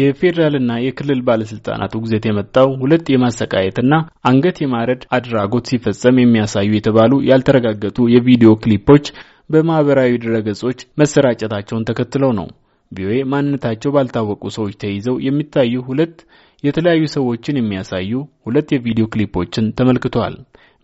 የፌዴራልና የክልል ባለስልጣናት ውግዘት የመጣው ሁለት የማሰቃየትና አንገት የማረድ አድራጎት ሲፈጸም የሚያሳዩ የተባሉ ያልተረጋገጡ የቪዲዮ ክሊፖች በማህበራዊ ድረገጾች መሰራጨታቸውን ተከትለው ነው። ቪኦኤ ማንነታቸው ባልታወቁ ሰዎች ተይዘው የሚታዩ ሁለት የተለያዩ ሰዎችን የሚያሳዩ ሁለት የቪዲዮ ክሊፖችን ተመልክተዋል።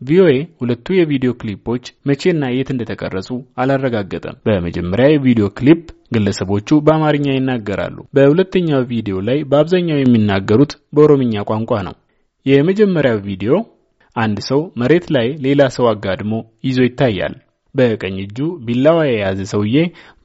ቪኦኤ ሁለቱ የቪዲዮ ክሊፖች መቼና የት እንደተቀረጹ አላረጋገጠም። በመጀመሪያ የቪዲዮ ክሊፕ ግለሰቦቹ በአማርኛ ይናገራሉ። በሁለተኛው ቪዲዮ ላይ በአብዛኛው የሚናገሩት በኦሮምኛ ቋንቋ ነው። የመጀመሪያው ቪዲዮ አንድ ሰው መሬት ላይ ሌላ ሰው አጋድሞ ይዞ ይታያል። በቀኝ እጁ ቢላዋ የያዘ ሰውዬ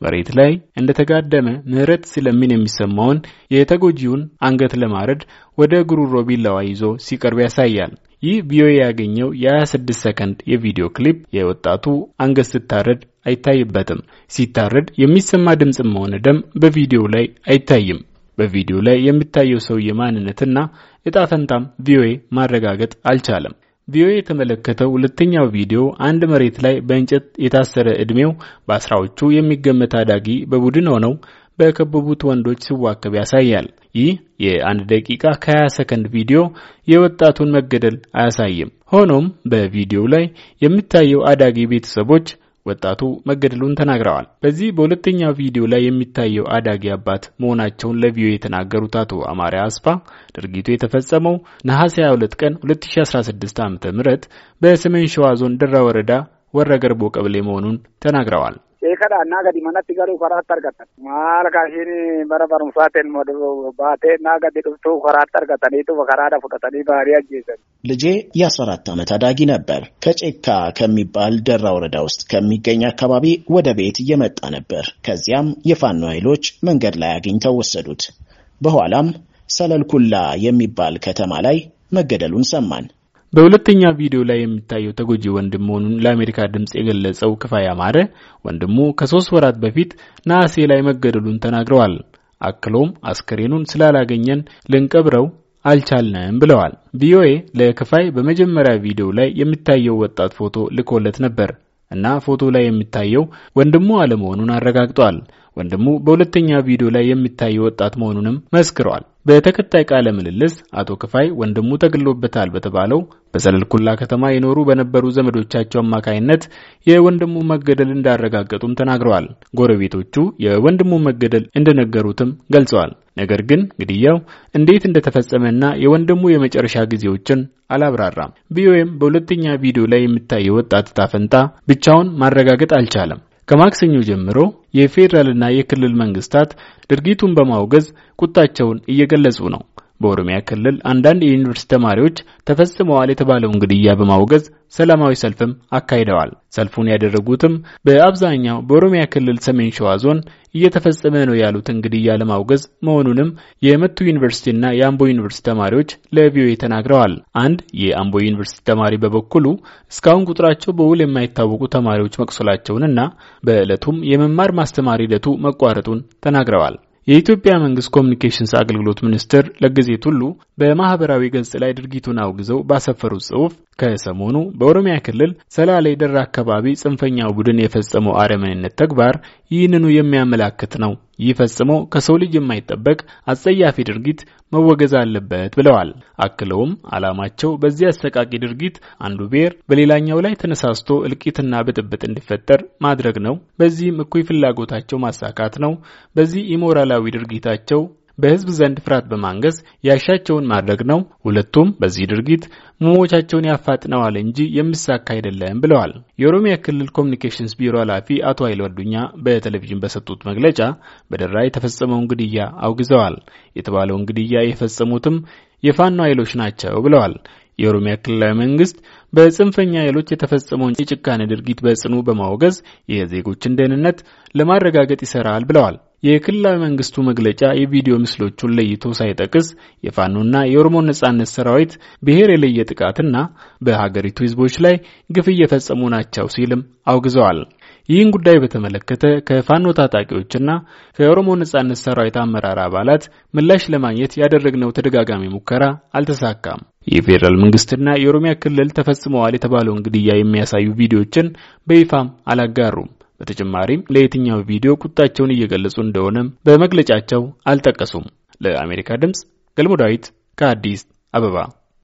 መሬት ላይ እንደተጋደመ ምህረት ስለሚን የሚሰማውን የተጎጂውን አንገት ለማረድ ወደ ጉሩሮ ቢላዋ ይዞ ሲቀርብ ያሳያል። ይህ ቪኦኤ ያገኘው የ26 ሰከንድ የቪዲዮ ክሊፕ የወጣቱ አንገት ስታረድ አይታይበትም። ሲታረድ የሚሰማ ድምፅም ሆነ ደም በቪዲዮው ላይ አይታይም። በቪዲዮ ላይ የሚታየው ሰውዬ ማንነትና እጣ ፈንታም ቪኦኤ ማረጋገጥ አልቻለም። ቪኦኤ የተመለከተው ሁለተኛው ቪዲዮ አንድ መሬት ላይ በእንጨት የታሰረ ዕድሜው በአስራዎቹ የሚገመት አዳጊ በቡድን ሆነው በከበቡት ወንዶች ሲዋከብ ያሳያል። ይህ የአንድ ደቂቃ ከ20 ሰከንድ ቪዲዮ የወጣቱን መገደል አያሳይም። ሆኖም በቪዲዮው ላይ የሚታየው አዳጊ ቤተሰቦች ወጣቱ መገደሉን ተናግረዋል። በዚህ በሁለተኛው ቪዲዮ ላይ የሚታየው አዳጊ አባት መሆናቸውን ለቪዮ የተናገሩት አቶ አማሪ አስፋ ድርጊቱ የተፈጸመው ነሐሴ 22 ቀን 2016 ዓ.ም በሰሜን ሸዋ ዞን ደራ ወረዳ ወረገርቦ ቀበሌ መሆኑን ተናግረዋል። Eekadhaan gadi manatti garuu karaatti argatan. Maal kaashiin bara barumsaatiin baateen gadi dhuftuu karaatti argataniitu karaadha fudhatanii baarii ajjeesan. ልጄ የአስራ አራት ዓመት አዳጊ ነበር። ከጬካ ከሚባል ደራ ወረዳ ውስጥ ከሚገኝ አካባቢ ወደ ቤት እየመጣ ነበር። ከዚያም የፋኖ ኃይሎች መንገድ ላይ አግኝተው ወሰዱት። በኋላም ሰለልኩላ የሚባል ከተማ ላይ መገደሉን ሰማን። በሁለተኛ ቪዲዮ ላይ የሚታየው ተጎጂ ወንድም መሆኑን ለአሜሪካ ድምፅ የገለጸው ክፋይ አማረ ወንድሙ ከሶስት ወራት በፊት ነሐሴ ላይ መገደሉን ተናግረዋል። አክሎም አስከሬኑን ስላላገኘን ልንቀብረው አልቻልንም ብለዋል። ቪኦኤ ለክፋይ በመጀመሪያ ቪዲዮ ላይ የሚታየው ወጣት ፎቶ ልኮለት ነበር እና ፎቶ ላይ የሚታየው ወንድሙ አለመሆኑን አረጋግጧል። ወንድሙ በሁለተኛ ቪዲዮ ላይ የሚታየው ወጣት መሆኑንም መስክሯል። በተከታይ ቃለ ምልልስ አቶ ክፋይ ወንድሙ ተገሎበታል በተባለው በሰለልኩላ ከተማ የኖሩ በነበሩ ዘመዶቻቸው አማካይነት የወንድሙ መገደል እንዳረጋገጡም ተናግረዋል። ጎረቤቶቹ የወንድሙ መገደል እንደነገሩትም ገልጸዋል። ነገር ግን ግድያው እንዴት እንደተፈጸመና የወንድሙ የመጨረሻ ጊዜዎችን አላብራራም። ቪኦኤም በሁለተኛ ቪዲዮ ላይ የሚታየው ወጣት እጣ ፈንታ ብቻውን ማረጋገጥ አልቻለም። ከማክሰኞ ጀምሮ የፌዴራልና የክልል መንግስታት ድርጊቱን በማውገዝ ቁጣቸውን እየገለጹ ነው። በኦሮሚያ ክልል አንዳንድ የዩኒቨርሲቲ ተማሪዎች ተፈጽመዋል የተባለውን ግድያ በማውገዝ ሰላማዊ ሰልፍም አካሂደዋል። ሰልፉን ያደረጉትም በአብዛኛው በኦሮሚያ ክልል ሰሜን ሸዋ ዞን እየተፈጸመ ነው ያሉትን ግድያ ለማውገዝ መሆኑንም የመቱ ዩኒቨርሲቲና የአምቦ ዩኒቨርሲቲ ተማሪዎች ለቪኦኤ ተናግረዋል። አንድ የአምቦ ዩኒቨርሲቲ ተማሪ በበኩሉ እስካሁን ቁጥራቸው በውል የማይታወቁ ተማሪዎች መቁሰላቸውንና በዕለቱም የመማር ማስተማር ሂደቱ መቋረጡን ተናግረዋል። የኢትዮጵያ መንግስት ኮሚኒኬሽንስ አገልግሎት ሚኒስትር ለጊዜ ቱሉ በማህበራዊ ገጽ ላይ ድርጊቱን አውግዘው ባሰፈሩት ጽሑፍ ከሰሞኑ በኦሮሚያ ክልል ሰላሌ ደራ አካባቢ ጽንፈኛው ቡድን የፈጸመው አረመኔነት ተግባር ይህንኑ የሚያመላክት ነው። ይህ ፈጽሞ ከሰው ልጅ የማይጠበቅ አጸያፊ ድርጊት መወገዝ አለበት ብለዋል። አክለውም ዓላማቸው በዚህ አሰቃቂ ድርጊት አንዱ ብሔር በሌላኛው ላይ ተነሳስቶ እልቂትና ብጥብጥ እንዲፈጠር ማድረግ ነው። በዚህም እኩይ ፍላጎታቸው ማሳካት ነው። በዚህ ኢሞራላዊ ድርጊታቸው በህዝብ ዘንድ ፍርሃት በማንገስ ያሻቸውን ማድረግ ነው። ሁለቱም በዚህ ድርጊት ሞሞቻቸውን ያፋጥነዋል እንጂ የሚሳካ አይደለም ብለዋል። የኦሮሚያ ክልል ኮሚኒኬሽንስ ቢሮ ኃላፊ አቶ ኃይል ወዱኛ በቴሌቪዥን በሰጡት መግለጫ በደራ የተፈጸመውን ግድያ አውግዘዋል። የተባለውን ግድያ የፈጸሙትም የፋኖ ኃይሎች ናቸው ብለዋል። የኦሮሚያ ክልላዊ መንግስት በጽንፈኛ ኃይሎች የተፈጸመውን የጭካኔ ድርጊት በጽኑ በማውገዝ የዜጎችን ደህንነት ለማረጋገጥ ይሰራል ብለዋል። የክልላዊ መንግስቱ መግለጫ የቪዲዮ ምስሎቹን ለይቶ ሳይጠቅስ የፋኖና የኦሮሞ ነጻነት ሰራዊት ብሔር የለየ ጥቃትና በሀገሪቱ ህዝቦች ላይ ግፍ እየፈጸሙ ናቸው ሲልም አውግዘዋል። ይህን ጉዳይ በተመለከተ ከፋኖ ታጣቂዎችና ከኦሮሞ ነጻነት ሰራዊት አመራር አባላት ምላሽ ለማግኘት ያደረግነው ተደጋጋሚ ሙከራ አልተሳካም። የፌዴራል መንግስትና የኦሮሚያ ክልል ተፈጽመዋል የተባለውን ግድያ የሚያሳዩ ቪዲዮዎችን በይፋም አላጋሩም። በተጨማሪም ለየትኛው ቪዲዮ ቁጣቸውን እየገለጹ እንደሆነም በመግለጫቸው አልጠቀሱም። ለአሜሪካ ድምጽ ገልሞ ዳዊት ከአዲስ አበባ